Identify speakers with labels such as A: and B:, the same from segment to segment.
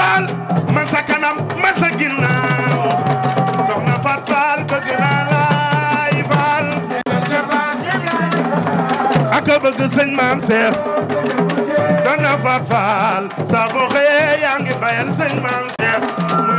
A: Fall man sa man sa ginnaaw soxna bëgg naa laay Fall ak bëgg sëñ maam Seex soxna Fat Fall saa boo xëyee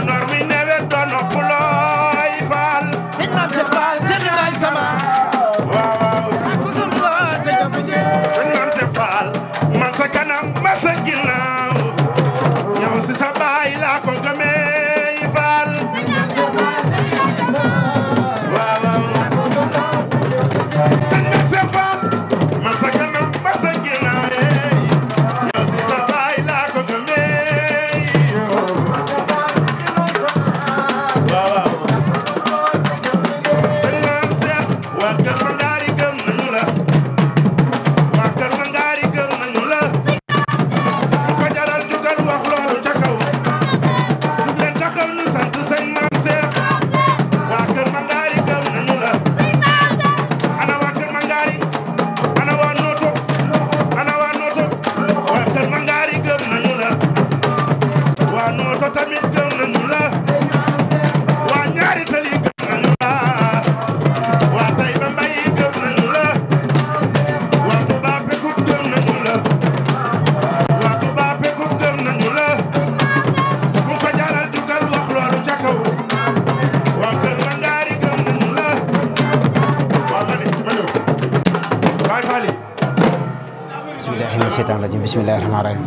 B: bismillahi rahmaani rahim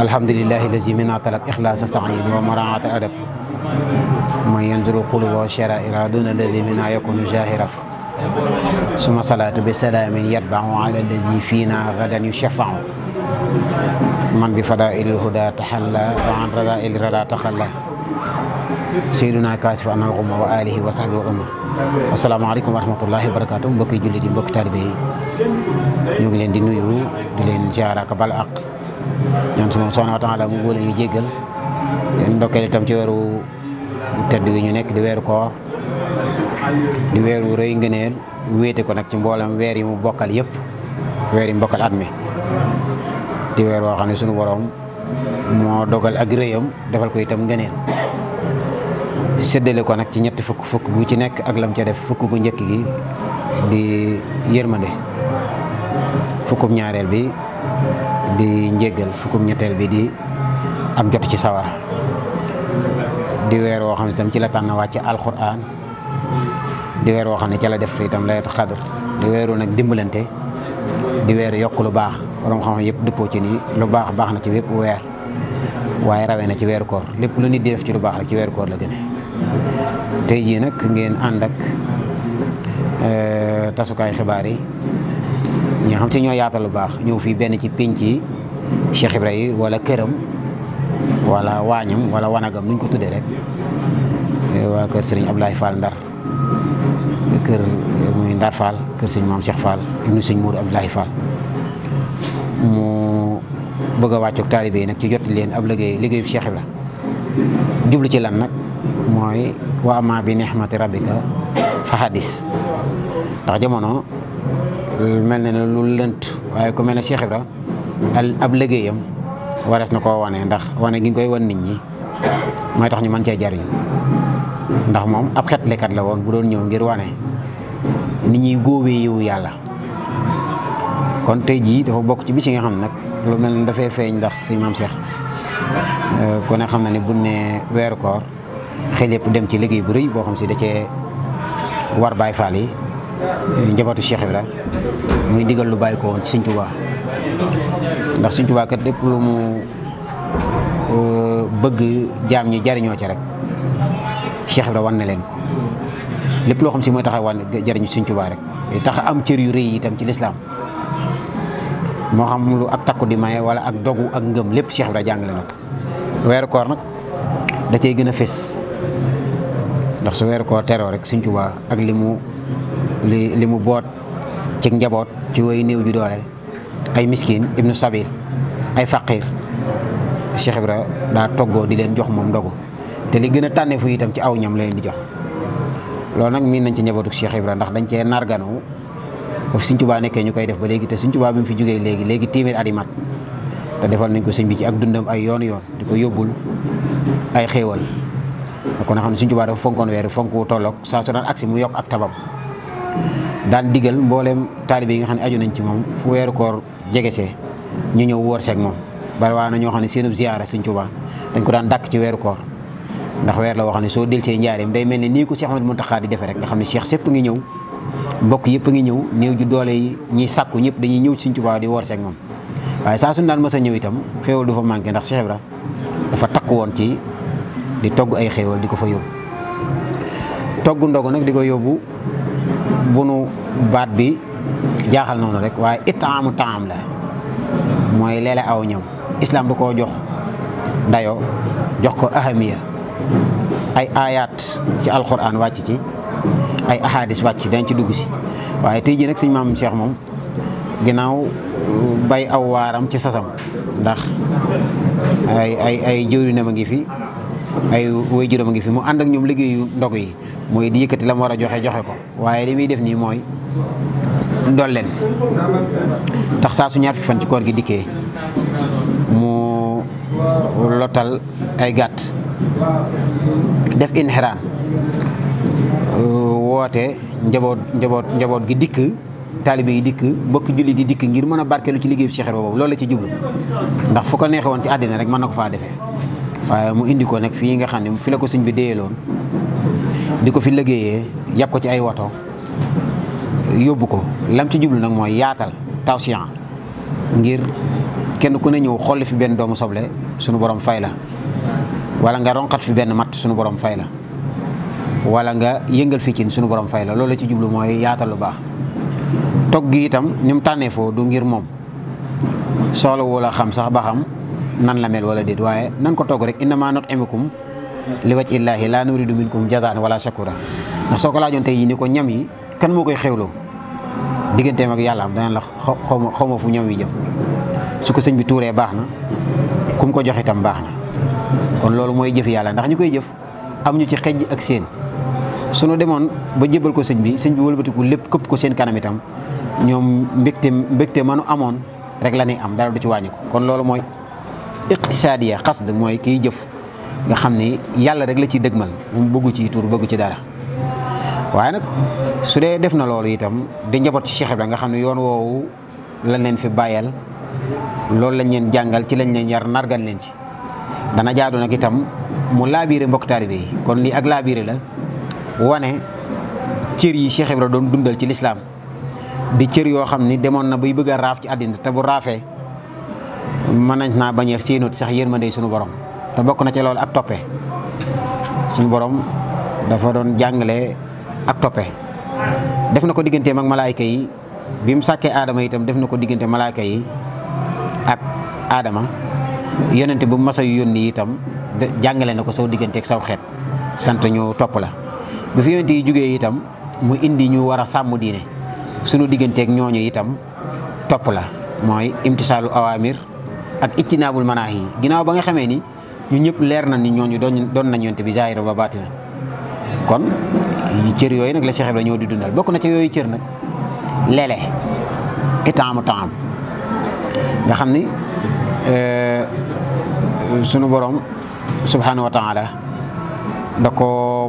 B: alhamdulilahi lazi mina talab ixlaasa sayin wa maraata adab man yanduru quluba wa sharaira duna lazi mina yakunu jahira suma salaatu bi salaamin yatbau ala lazi fiina gadan yushafau man bi fadail huda taxalla wa an radail rada taxalla sayyiduna kaasif an al gumma wa alihi wa sahbihi wa umma asalaamaaleykum wa rahmatullahi wa barakaatu mbokki jullit yi mbokki taalibe yi ñu ngi leen di nuyu di leen ziaraaka bal ak ñaan sunu subhaanahu wa taala mu boole ñu jéggal leen ndokkeel itam ci weeru tedd wi ñu nekk di weeru ko di weeru rëy ngëneel wéete ko nag ci mboolam weer yi mu mbokkal yépp weeri mbokkal at mi di weer woo xam ne sunu woroom moo dogal ak defal ko itam ngëneel séddale ko nag ci ñetti fukk fukk bu ci nekk ak lam ca def fukk bu njëkk gi di yërmande fukkum ñaareel bi di njéggal fukkum ñetteel bi di ak jot ci sawar di weer woo xam ne itam ci la tànn wàcc alxuraan di weer woo xam ne la def itam laylatul xadr di weeru nag dimbalante di weer yokk lu baax borom xam-xam yëpp dëppoo ci nii lu baax baax na ci wépp weer waaye rawee na ci weeru koor lépp lu nit di def ci lu baax rek ci weeru koor la gëne tey jii nag ngeen àndak ak eh, tasukaay xibaar yi ñi xam si ñoo yaatal lu baax ñëw fii benn ci pénc yi Cheikh Ibrahima wala këram wala waañam wala wanagam nuñ ko tuddee rek eh, waa kër sëriñ Abdoulaye Fall Ndar kër eh, muy Ndar Fall kër sëriñ maam Cheikh Fall ibnu sëriñ Modou Abdoulaye Fall mu bëgg a wàccoog nag ci jotti leen ab liggéey liggéeyu Cheikh Ibrahima jublu ci lan nag mooy wa ama bi nihmati rabbika fa hadis ndax jamono mel na ne lu lënt waaye ku mel ne Cheikh Ibra ab liggéeyam warees na koo wane ndax wane gi koy wan nit ñi mooy tax ñu mën cee jariñu ndax moom ab xet xetlekat la woon bu doon ñëw ngir wane nit ñuy góobee yiwu yàlla kon tey jii dafa bokk ci bi ci nga xam nag lu mel ne dafay feeñ ndax si maam Cheikh Euh, kon ne xam na ne buñ ne weeru koor xel yëpp dem ci liggéey bu rëy boo xam si da cee war Baay Faal yi eh, njabootu Cheikh Ibra muy digal lu bàyyi ko woon ci Sëñ ndax Sëñ Tuubaa kat lépp lu mu euh, bëgg jaam ñi jariñoo ci rek Cheikh Ibra wan na leen ko lépp loo xam si mooy tax a wan jariñu Sëñ Tuubaa rek tax am cër yu rëy tam ci lislaam moo xam lu ak takku di maye wala ak dogu ak ngëm lépp Cheikh Ibra jàngale na ko weeru koor nag da cay gën a fés ndax su weeru koor teroo rek Sëñ Tuubaa ak li mu li li mu boot ci njaboot ci woy néew ju doole ay miskin nu sabil ay faqir Cheikh Ibra daa toggoo di leen jox moom ndogu te li gën a tànnee fu itam ci aw ñam la di jox loolu nag miin nañ ci njabootu Cheikh Ibra ndax dañ cee narganu boobu Sëñ Tuubaa nekkee ñu koy def ba léegi te Sëñ Tuubaa bi mu fi jógee léegi léegi téeméer at mat te defal nañ ko sëñ bi ci ak dundam ay yoon yoon di ko yóbbul ay xéewal kon a xam ne Sëñ Tuubaa dafa fonkoon weer fonk wu tolloog saa su daan mu yokk ak tabam daan digal mbooleem taalibe yi nga xam ne aju nañ ci moom fu weeru koor jegesee ñu ñëw woor seeg moom bari waa na ñoo xam ne seenub ziyaara Sëñ Tuubaa dañ ko daan dàkk ci weeru koor ndax weer la woo ne soo del see njaareem day mel ne nii ko Cheikh Ahmadou Mountakha di defe rek nga xam ne seex sépp ngi ñëw mbokk yëpp a ngi ñëw néew ju doole yi ñiy sàkku ñëpp dañuy ñëw si Tuubaa di woor seeg moom waaye saa suñu daan mës ñëw itam xéewal du fa manqué ndax Cheikh Ibra dafa takk woon ci di togg ay xéewal di ko fa yóbbu togg ndogu nag di ko yóbbu bu nu baat bi jaaxal noonu rek waaye itaamu taam la mooy leele aw ñëw islam ba ko jox dayo jox ko ahamiya ay ayat ci alquran wàcc ci ay ahadis wàcc dañ ci dugg si waaye tey jii nag suñ maam Cheikh moom ginnaaw uh, bay aw waaram ci sasam ndax ay ay ay jëwrinam a ngi fi ay waajuram a ngi fi mu ànd ak ñoom liggéeyu ndog yi mooy di yëkkati war a joxe joxe ko waaye de muy def nii mooy ndolleen tax saa su ñaar fukki fan ci koor gi dikkee mu lotal ay gàtt def inxiraan wootee njaboot njaboot njaboot gi dikk taalibe yi dikk mbokk julli yi dikk ngir mën a barkeelu ci liggéey bi Cheikh Ibra boobu loolu la ci jublu ndax fu ko neexee woon ci àddina rek mën na ko faa defee waaye mu indi ko nag fii nga xam ne fi la ko sëñ bi déyeloon di ko fi liggéeyee yàpp ko ci ay woto yóbbu ko lam ci jublu nag mooy yaatal tawsiyan ngir kenn ku ne ñëw xolli fi benn doomu soble sunu boroom fay la wala nga ronqat fi benn matt sunu borom fay la wala nga yëngal fikkin suñu borom fay la loolu la ci jublu mooy yaatal lu baax togg gi itam ni mu tànnee foo du ngir moom soxla woo xam sax ba xam nan la mel wala déet waaye nan ko togg rek innama nut'imukum li wajhi llaahi laa nuriidu minkum jazaan wala shakura ndax soo ko laajoon tey yi ni ko ñam yi kan moo koy xewloo digganteem ak yàlla am danañ la xaw ma fu ñam wi jëm su ko sëñ bi tuure baax na kum ko jox itam baax na kon loolu mooy jëf yàlla ndax ñu koy jëf am ci xejj ak seen sunu demoon ba jëbal ko sëñ bi sëñ wëlbatiku lépp këpp ko seen kanam itam ñoom mbégte ma nu amoon rek la ñuy am dara du ci wàññi kon loolu mooy iqtisaadiya xasd mooy kiy jëf nga xam ni yàlla rek la ciy dëgmal mu bëggu ci tur bëggu ci dara waaye nag su dee def na loolu itam di njaboot ci Cheikh ba nga xam ne yoon woowu lan leen fi bàyyal loolu lañ leen jàngal ci lañ leen yar nargal leen ci dana jaadu nag itam mu laabiire mbokk taalibe yi kon lii ak laabiire la wane cër yi Cheikh Ibra doon dundal ci lislaam di cër yoo xam ni demoon na buy bëgg a raaf ci àddina te bu raafee mën nañ naa bañ a séenut sax yërmande suñu borom te bokk na ci loolu ak toppe suñu borom dafa doon jàngale ak toppe def na ko digganteem ak malaayka yi bi mu sàkkee aadama itam def na ko diggante malaayka yi ak aadama yonente bu masa yu yónni itam jàngale na ko saw diggante saw xeet sant ñu topp la bi fi yonent yi jógee itam mu indi ñu war a sàmm diine sunu digganteeg ñooñu itam topp la mooy imtisaalu awaamir ak ittinaabul manaahi yi ginnaaw ba nga xamee ni ñu ñëpp leer na ni ñooñu doon doon nañ yonent bi zaahir ba baatina kon cër yooyu nag la Cheikh la ñoo di dundal bokk na ca yooyu cër nag lele itaamu taam nga xam ni euh, sunu borom subhanahu wa taala da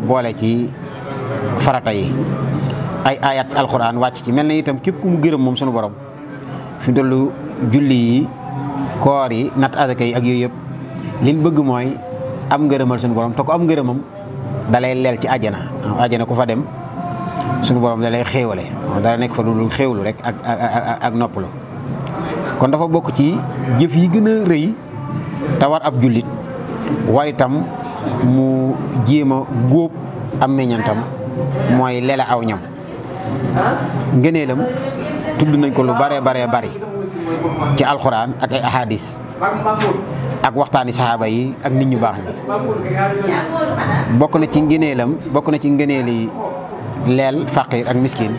B: boole ci farata yi ay ayat alxuraan wàcc ci mel na itam képp ku mu gërëm moom sunu borom fi julli yi koor yi natt azaka yi ak yooyu yëpp liñ bëgg mooy am ngërëmal sunu borom te am ngërëmam dalay leel ci àjjana àjjana ku fa dem sunu borom dalay xéewale dara nekk fa lu dul rek ak ak noppalu kon dafa bokk ci jëf yi gën a rëy te war ab jullit war mu jéem a góob am meññantam mooy lele aw ñam ngëneelam tudd nañ ko lu bare bare bari ci alxuraan ak ay ahadis ak waxtaani saxaaba yi ak nit ñu baax ñi bokk na ci ngëneelam bokk na ci ngëneeli leel faqiir ak miskin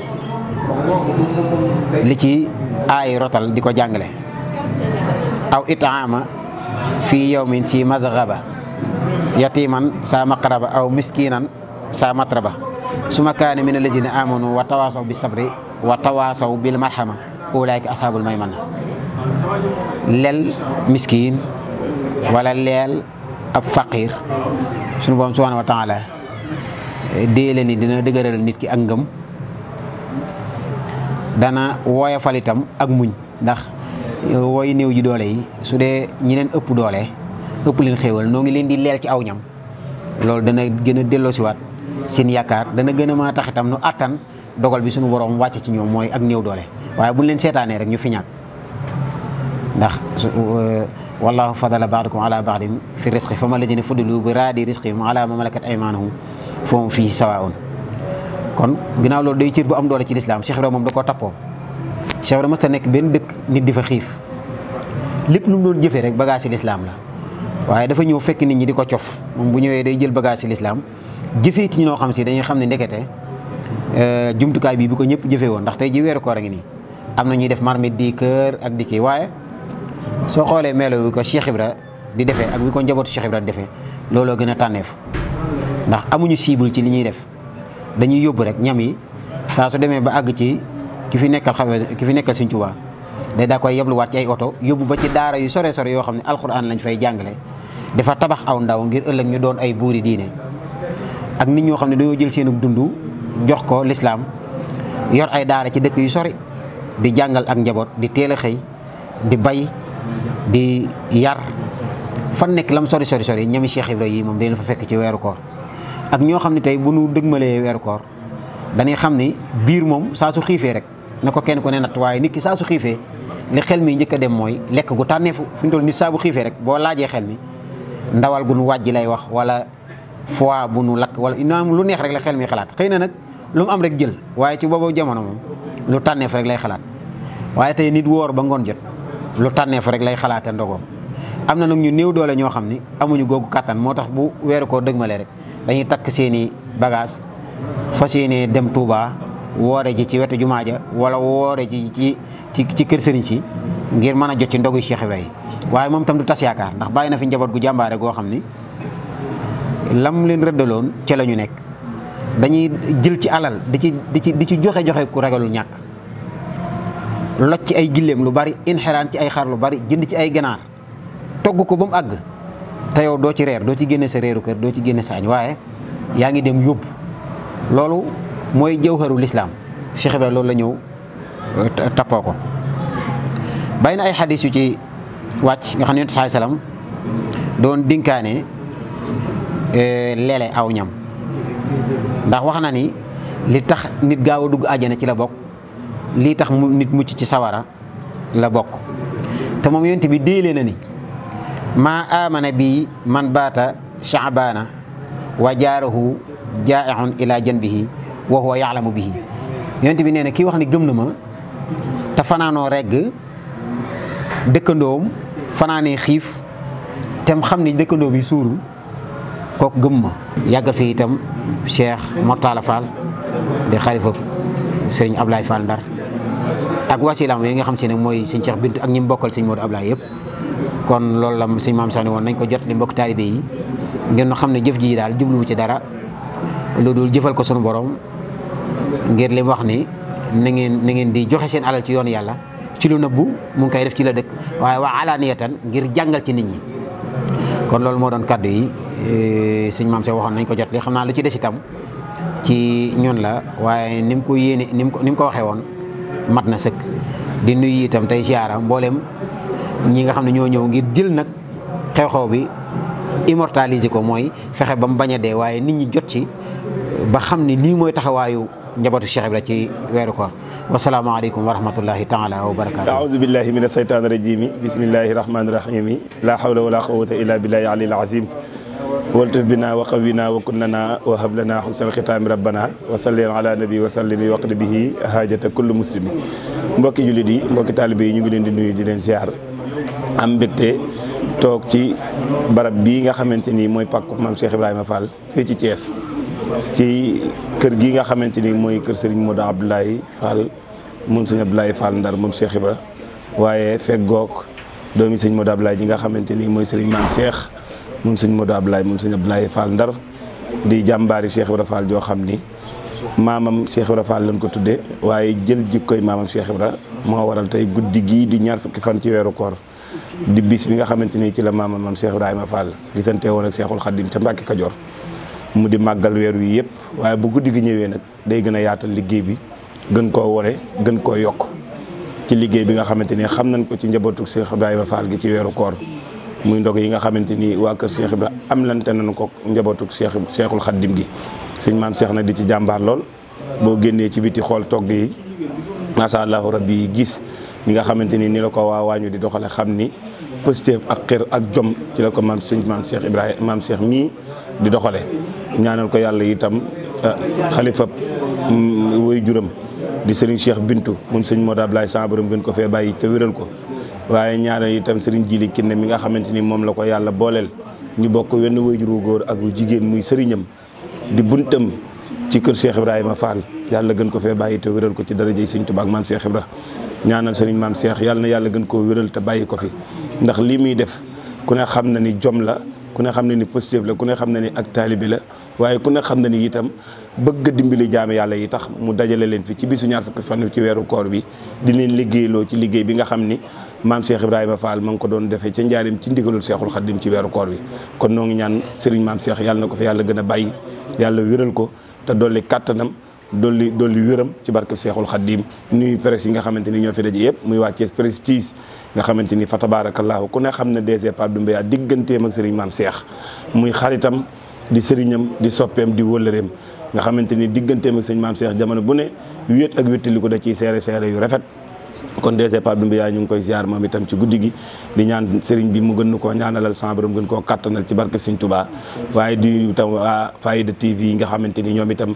B: li ci aay rotal di ko jàngale aw itaama fii yawmin si mazgaba yatiman sa maqraba aw miskinan saa matraba suma kaane min alladina amanu wa tawaasaw bi sabri wa tawaasaw bil marhama ulaayka ashaabul man lel miskiin wala leel ab faqir sunu boom subhaana wa taala déele ni dina dëgëral nit ki ak ngëm dana woyofal itam ak muñ ndax wooy néew ji doole yi su dee ñi leen ëpp doole ëpp leen xéewal noo ngi leen di leel ci aw ñam loolu dana gën a delloosiwaat seen yaakaar dana gën a tax itam nu attan dogal bi suñu borom wàcce ci ñoom mooy ak néew doole waaye buñ leen seetaanee rek ñu euh, fi ñàkk ndax wallahu fadala baadakum ala baadin fi risqi fa ma lajine fuddilu bi raadi risqihim ala ma malakat aymanahum foom fii sawaun kon ginnaaw loolu day cër bu am doole ci lislaam Cheikh Ibra moom da koo tappoo Cheikh Ibra mësta nekk benn dëkk nit di fa xiif lépp lu mu doon jëfee rek bagage ci lislaam la waaye dafa ñëw fekk nit ñi di ko cof moom bu ñëwee day jël bagage ci lislaam jëfee ci ñoo xam si dañuy xam ne ndekete euh, jumtukaay bii bi ko ñëpp jëfee woon ndax tey ji weeru ko a nii am na ñuy def marmite di kër ak di kii waaye soo xoolee meelo bi ko Cheikh Ibra di defee ak bi ko njabootu Cheikh Ibra di defee looloo gën a tànneef ndax amuñu cible ci li ñuy def dañuy yóbbu rek ñam yi saa su demee ba àgg ci ki fi nekkal xawe ki fi nekkal Sëñ Tuubaa day daa koy yebluwaat ci ay oto yóbbu ba ci daara yu sore sore yoo xam ne alxuraan lañ fay jàngale dafa tabax aw ndaw ngir ëllëg ñu doon ay buuri diine ak nit ñoo xam ne dañoo jël seenug dund jox ko lislaam yor ay daara ci dëkk yu sori di jàngal ak njaboot di teel a xëy di bay di yar fan nekk lam sori sori sori ñami Cheikh Ibrahima yi moom dañu fa fekk ci weeru koor ak ñoo xam ne tey bu nu dëgmalee weeru koor dañuy xam ni biir moom saa su xiifee rek na ko kenn ko ne nat waaye nit ki saa su xiifee li xel mi njëkk a dem mooy lekk gu tànneefu fu ñu toll nit saabu xiifee rek boo laajee xel mi ndawal gu nu wàjji lay wax wala fois bu nu lakk wala inaam lu neex rek la xel mi xalaat xëy na nag lu mu am rek jël waaye ci boobu jamono moom lu tànneef rek lay xalaat waaye tey nit woor ba ngoon jot lu tànneef rek lay xalaate ndogoom am na nag ñu néew doole ñoo xam ni amuñu googu kàttan moo tax bu weeru koo dëgmale rek dañuy takk seen i fas yéenee dem Touba woore ji ci wetu jumaa ja wala woore ji ci ci ci kër sëriñ si ngir mën a jot ci ndogu Cheikh Ibrahima waaye moom tam tas yaakaar ndax bàyyi na fi njaboot gu jàmbaare goo xam ni lam leen rëddaloon ca la ñu nekk dañuy jël ci alal di ci di ci di ci joxe joxe ku ragalul ñàkk loj ci ay gilleem lu bari inxiraan ci ay xar lu bari jënd ci ay ganaar togg ko ba mu àgg te yow doo ci reer doo ci génne sa reeru kër doo ci génne sa añ waaye yaa ngi dem yóbbu loolu mooy jawharu lislaam Cheikh Ibrahima loolu la ñëw euh, tappoo ko bàyyi na ay xadis yu ci wàcc nga xam ne yonent salaam doon dinkaane Euh, leele aw ñam ndax wax na ni li tax nit gaaw a dugg àjjana ci la bokk lii tax mu nit mucc ci sawara la bokk te moom yonent bi déele na ni maa amana bii man baata shaabaana wa jaarahu jaa'iun ila janbihi wa huwa yaalamu bihi yonent bi nee na kii wax ni gëm na ma te fanaanoo regg dëkkandoom fanaanee xiif tem xam ni dëkkandoo bi suurul kooku gëm ma yàggal fi itam Cheikh Mortala Fall di xalifa sëriñ Ablaye Fall Ndar ak wasilaam we nga xam si ne mooy sëñ Cheikh Bintu ak ñi mu bokkal sëñ Modou Ablaye yëpp kon loolu la sëñ maam Sane woon nañ ko jot li mbokk taalibe yi ngeen xam ne jëf ji daal jubluwu ci dara lu dul jëfal ko sunu borom ngir li wax ni na ngeen na ngeen di joxe seen alal ci yoon yàlla ci lu bu mu ngi koy def ci la dëkk waaye waa alaaniyatan ngir jàngal ci nit ñi kon loolu moo doon kaddu yi Eh, sëñ maam Cheikh waxoon nañ ko jot li xam naa lu ci des itam ci ñun la waaye ni mu ko yéene ni mu ko ni mu ko waxee woon mat na sëkk di nuyu itam tey ziara mbooleem ñi nga xam ne ñoo ñëw ngir jël nag xew-xew bi immortaliser ko mooy fexe ba mu bañ dee waaye nit ñi jot ci ba xam ni lii mooy taxawaayu njabootu Cheikh Ibra ci weeru ko wasalaamaaleykum wa rahmatullahi taala wa barakaatu
C: aouzu billahi min asheytaani rajimi bismillahi rahmaani rahimi la hawla wala quwata illa billahi alil azim waltaf bina wa qawina wa kun lana wa hab lana xusnal xitaami rabbana wa salli ala nabi wa sallimi waqdi bihi haajata kulli muslimi mbokki jullit yi mbokki taalibe yi ñu ngi leen di nuyu di leen ziar am mbégte toog ci barab bii nga xamante ni mooy pàkku maam Cheikh ma Fall fii ci Thiès ci kër gii nga xamante ni mooy kër Serigne Modou Abdoulaye Fall moom Serigne Abdoulaye Fall Ndar moom Cheikh Ibra waaye fekk goog doomi Serigne Modou Abdoulaye ji nga xamante ni mooy Serigne maam Cheikh mun sëñ Modou Ablaye mun sëñ Ablaye Fall Ndar di jàmbaari Cheikh Ibra Fall joo xam ni maamam Cheikh Ibra Fall lañ ko tuddee waaye jël jikkoy maamam Cheikh Ibra moo waral tey guddi gii di ñaar fukki fan ci weeru koor di bis bi nga xamante ni ci la maamam maam ma Ibrahima Fall gisante woon ak Cheikhul Khadim ca Mbàkke Kajoor mu di màggal weer wi yëpp waaye bu guddi gi ñëwee nag day gën a yaatal liggéey bi gën koo wone gën koo yokk ci liggéey bi nga xamante ni xam nañ ko ci njabootu Cheikh Ibrahima Fall gi ci weeru koor muy ndog yi nga xamante ni waa kër Cheikh Ibra am lante nañu ko njabootu Cheikh Cheikhul Khadim gi sëñ maam seex na di ci jàmbaar lool boo génnee ci biti xool togg yi macha allahu rabbi yi gis ñi nga xamante ni ni la ko waa waañu di doxale xam ni positif ak xër ak jom ci la ko maam sëñ maam Cheikh Ibrahima maam seex mii di doxale ñaanal ko yàlla itam eh, xalifa mm, woy juram di sëriñ Cheikh Bintu mun sëñ moo Ablaye sa borom gën ko fee bàyyi te wéral ko waaye ñaareel itam sëriñ Jili Kinde mi nga xamante ni moom la ko yàlla booleel ñu bokk wenn wayjur wu góor ak wu jigéen muy sëriñam di buntam ci kër Cheikh Ibrahima Fall yàlla gën ko fee bàyyi te wéral ko ci darajey sëñ Tuubaa ak maam Cheikh Ibra ñaanal sëriñ maam seex yàlla na yàlla gën koo wéral te bàyyi ko fi ndax lii muy def ku ne xam na ni jom la ku ne xam na ni positif la ku ne xam na ni ak taalibi la waaye ku ne xam na ni itam bëgg dimbali jaam yàlla yi tax mu dajale leen fi ci bisu ñaar fukki ci weeru koor bi ci liggéey bi nga xam ni maam Cheikh Ibrahima Fall ma ngi ko doon defee ca njaarim ci ndigalul Cheikhul Khadim ci weeru koor bi kon noo ngi ñaan Serigne maam Cheikh yàlla na ko fi yàlla gën a bàyyi yàlla wéral ko te dolli kattanam dolli dolli wéram ci barke Cheikhul Khadim nuyu presse yi nga xamante ni ñoo fi daje yëpp muy waa Thiès Prestige nga xamante ni fa tabaarakallaahu ku ne xam ne DG Pape Doumbé yaa digganteem ak Serigne maam seex muy xaritam di seriñam di soppeem di wëllëreem nga xamante ni digganteem ak sëñ maam Cheikh jamono bu ne wéet ak wéttali ko da ciy seere seere yu rafet kon DG Pape Doumbia ñu ngi koy ziar moom itam ci guddi gi di ñaan sëriñ bi mu gën nu koo ñaanalal sama borom gën koo kattanal ci barkeb Sëriñ Tuubaa waaye di itam waa Fayda TV yi nga xamante ni ñoom itam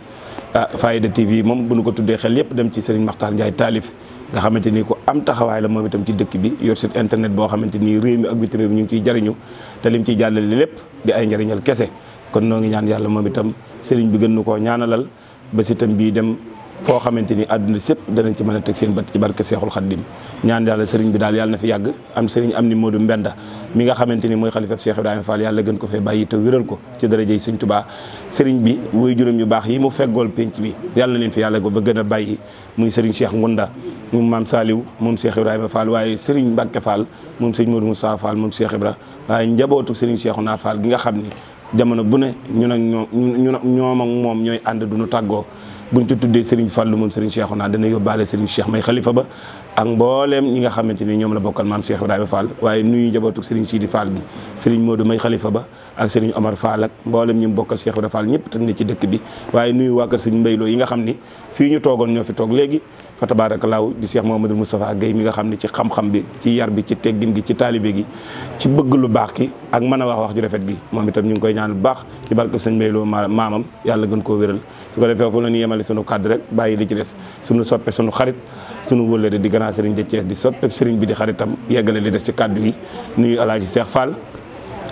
C: ah Fayda TV moom bu nu ko tuddee xel yëpp dem ci sëriñ Maxtaar Njaay taalif nga xamante ni ku am taxawaay la moom itam ci dëkk bi yor site internet boo xamante ni réew mi ak bitim réew mi ñu ngi ciy jariñu te lim ciy jàllale lépp di ay njariñal kese kon noo ngi ñaan yàlla moom itam sëriñ bi gën nu koo ñaanalal foo xamante ni àdduna sépp danañ ci mën a teg seen bët ci barke Seexul Xaddim ñaan yàlla sëriñ bi daal yàlla na fi yàgg am sëriñ am ni Modou Mbenda mi nga xamante ni mooy xalifab Cheikh Ibrahima Fall yàlla gën ko fee bàyyi te wéral ko ci darajey sëñ Tubaa sëriñ bi woy juróom yu baax yi mu feggool penc bi yàlla leen fi yàlla ba gën a bàyyi muy sëriñ Cheikh Ngunda moom maam Saliou moom Cheikh Ibrahima Fall waaye sëriñ Mbacke Fall moom sëñ Modou Moussa Fall moom Cheikh Ibra waaye njabootu sëriñ naa Fall gi nga xam ni jamono bu ne ñun ak ñoom ñun ñoom ak moom ñooy ànd du nu tàggoo buñ ci tuddee Serigne Fallou moom Serigne Cheikhouna dana yóbbaale Serigne Cheikh may xalifa ba ak mbooleem ñi nga xamante ni ñoom la bokkal maam Cheikh Ibrahima Fall waaye nuyu njabootu Serigne Sidi Fall gi Serigne Modou may xalifa ba ak Serigne Omar Fall ak mbooleem ñi mu bokkal Cheikh Ibrahima Fall ñëpp teg na ci dëkk bi waaye nuyu waa kër Serigne Mbayloo yi nga xam ni fii ñu toogoon ñoo fi toog léegi fa tabaarakallaahu di Cheikh Mouhamadou Moustapha Guèye mi nga xam ne ci xam-xam bi ci yar bi ci teggin gi ci taalibe gi ci bëgg lu baax ki ak mën a wax wax ju rafet gi moom itam ñu ngi koy ñaan lu baax ci barke sëñ Mbaye Lo maamam yàlla gën koo wéral su ko defee fu la ñu yemale sunu kàddu rek bàyyi li ci des sunu soppe suñu xarit sunu wëllëre di grand sëriñ de Thiès di soppe sëriñ bi di xaritam yeggale li def ci kàddu yi nuyu alaaji Cheikh Fall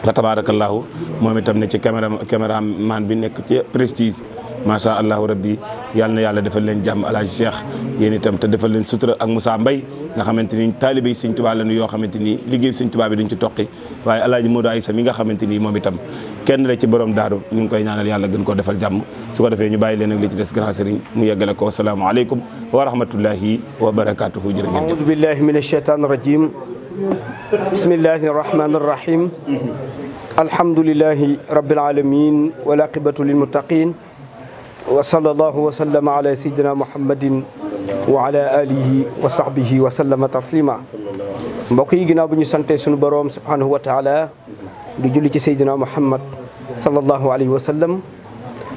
C: fa tabaarakallaahu moom itam ne ci caméra caméraman bi nekk ci prestige macha allahu rabbi yàlla na yàlla defal leen jàmm alaaji cheikh yéen itam te defal leen sutura ak Moussa Mbaye nga xamante ni taalibe yi sëñ Tuubaa lañu yoo xamante ni liggéey sëñ Tuubaa bi duñ ci toqi waaye alaaji Modou Aïssa mi nga xamante moom itam kenn la ci borom daaru ñu ngi koy ñaanal yàlla gën koo defal jàmm su ko defee ñu bàyyi leen ak li ci des grand sëriñ mu yeggale ko asalaamaaleykum wa rahmatullahi wa barakatuhu jërë ngeen jëf aoudu
D: billahi min asheytan rajim bismillahi rahmani rahim alhamdulilahi rabbil alamin walaqibatu lilmuttaqin wa sallallahu wa sallama ala sayyidina muhammadin wa wa sahbihi wa mbokk yi ginnaaw bu ñu santee suñu boroom subhanahu wa taala du julli ci sayyidina muhammad sallallahu alayhi wa sallam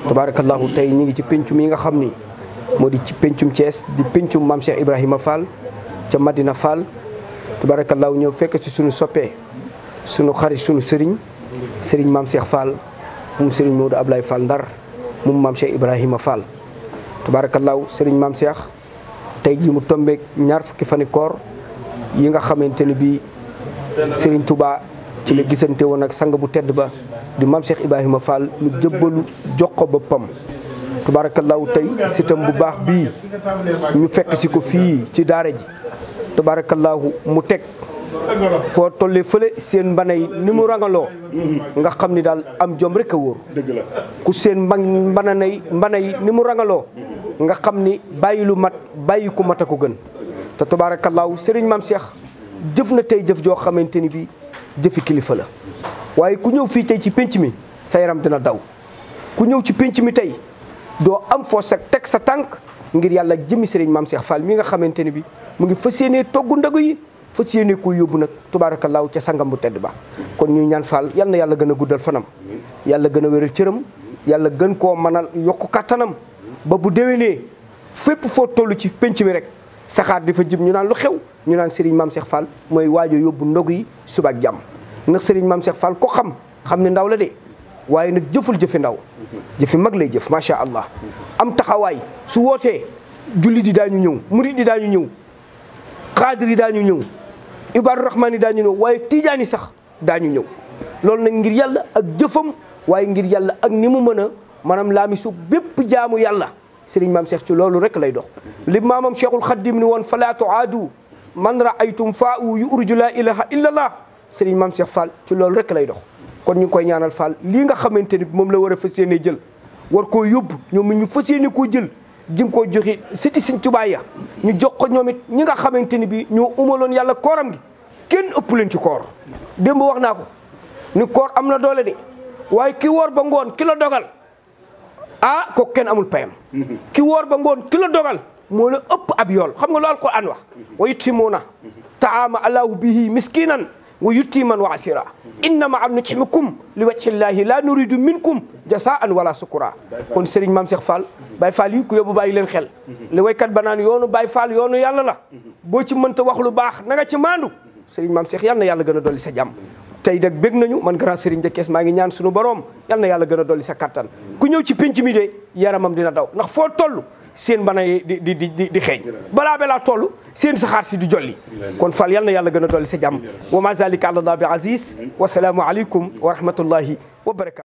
D: tabarakallahu tey ñi ngi ci péncum yi nga xam ni moo di ci péncum Thiès di péncum maam Cheikh Ibrahima Fall ca Madina Fall tabarakallahu ñëw fekk ci suñu soppee suñu xarit suñu sëriñ sëriñ maam Cheikh Fall moom sëriñ Maodo Ablaye Fall Ndar moom maam Cheikh Ibrahima Fall tabaarakallaahu sëriñ mam Cheikh tey jii mu tombeek ñaar fukki fani yi nga xamante ne bii sëriñ tubaa ci la gisante woon ak sang bu tedd ba di maam Cheikh Ibrahima Fall mu jëbbalu jox ko boppam tabaarakallaahu tey sitam bu baax bii ñu fekk si ko fii ci daara ji tabaarakallaahu mu teg foo tollee fële seen mbanay ni mu rangaloo nga xam ni daal am jom rek a wóor ku seen mba mbananay mbanay ni mu rangaloo nga xam ni bàyyi lu mat bàyyi ku mat a ko gën te tabaarakallaahu sëriñ mam Cheikh jëf na tey jëf joo xamante ni bi jëfi kilifa la waaye ku ñëw fii tey ci pénc mi sa yaram dina daw ku ñëw ci pénc mi tey doo am foo sa teg sa tànk ngir yàlla jëmi sëriñ maam Cheikh Fall mi nga xamante ni bi mu ngi fas yéenee togg ndogu fas yéene ko yóbbu nag tubaarakallaahu ca sangam bu tedd ba kon ñu ñaan faal yal na yàlla gën a guddal fanam yàlla gën a wéral cëram yàlla gën koo mënal yokk kàttanam ba bu déwénee fépp foo toll ci pénc mi rek saxaar di fa jib ñu naan lu xew ñu naan Serigne Mame Cheikh Fall mooy waajo yóbbu ndog yi suba ak jàmm ndax Serigne Mame Cheikh Fall ko xam xam ne ndaw la de waaye nag jëful jëfi ndaw jëfi mag lay jëf macha allah am taxawaay su wootee julli di daañu ñëw murit di ñëw xaadir yi daañu ñëw ibaadu rahmaan yi daañu ñëw waaye tiijaan yi sax daañu ñëw loolu nag ngir yàlla ak jëfam waaye ngir yàlla ak ni mu mën a maanaam laamisu bépp jaamu yàlla sëriñ maam Cheikh ci loolu rek lay dox li maamam Cheikhul Xaddim ni woon falaa tuaadu man raaytum faa u yu urju laa ilaha illa allah sëriñ maam Cheikh ci loolu rek lay dox kon ñu ngi koy ñaanal Fall lii nga xamante ni moom la war a fas yéene jël war koo yóbbu ñoom mi ñu fas koo jël jëm koo joxe siti siñ Tuubaa ya ñu jox ko ñoom it ñi nga xamante ni bii ñoo umaloon yàlla kooram gi kenn ëpp leen ci koor démb wax naa ko ni koor am na doole de waaye ki woor ba ngoon ki la dogal ah ko kenn amul payam ki woor ba ngoon ki la dogal moo la ëpp ab yool xam nga lu alquran wax wa yutimuuna taama allahu bihi miskinan wa man wa asira ma am nut'imukum li wajhillahi la nuridu minkum jasaan wala sukura kon Serigne Mame Cheikh Fall Baye Fall yi ku yóbbu bàyyi leen xel li waykat ba naan yoonu Baye Fall yoonu yàlla la boo ci mënta wax lu baax na nga ci maandu Serigne Mame Cheikh yal na yàlla gën a dolli sa jàmm tey nag bég nañu man grand Serigne de Kees maa ngi ñaan suñu borom yal na yàlla gën a dolli sa kattan ku ñëw ci penc mi de yaramam dina daw ndax foo toll seen bana yi di di di di xeeñ balaa balaa sa seen saxaar si di jolli kon fal yal na yàlla gën a dolli sa jàmm wa ma zalika àlallah bi aziz wasalaamu aleykum wa rahmatullahi wa barakatu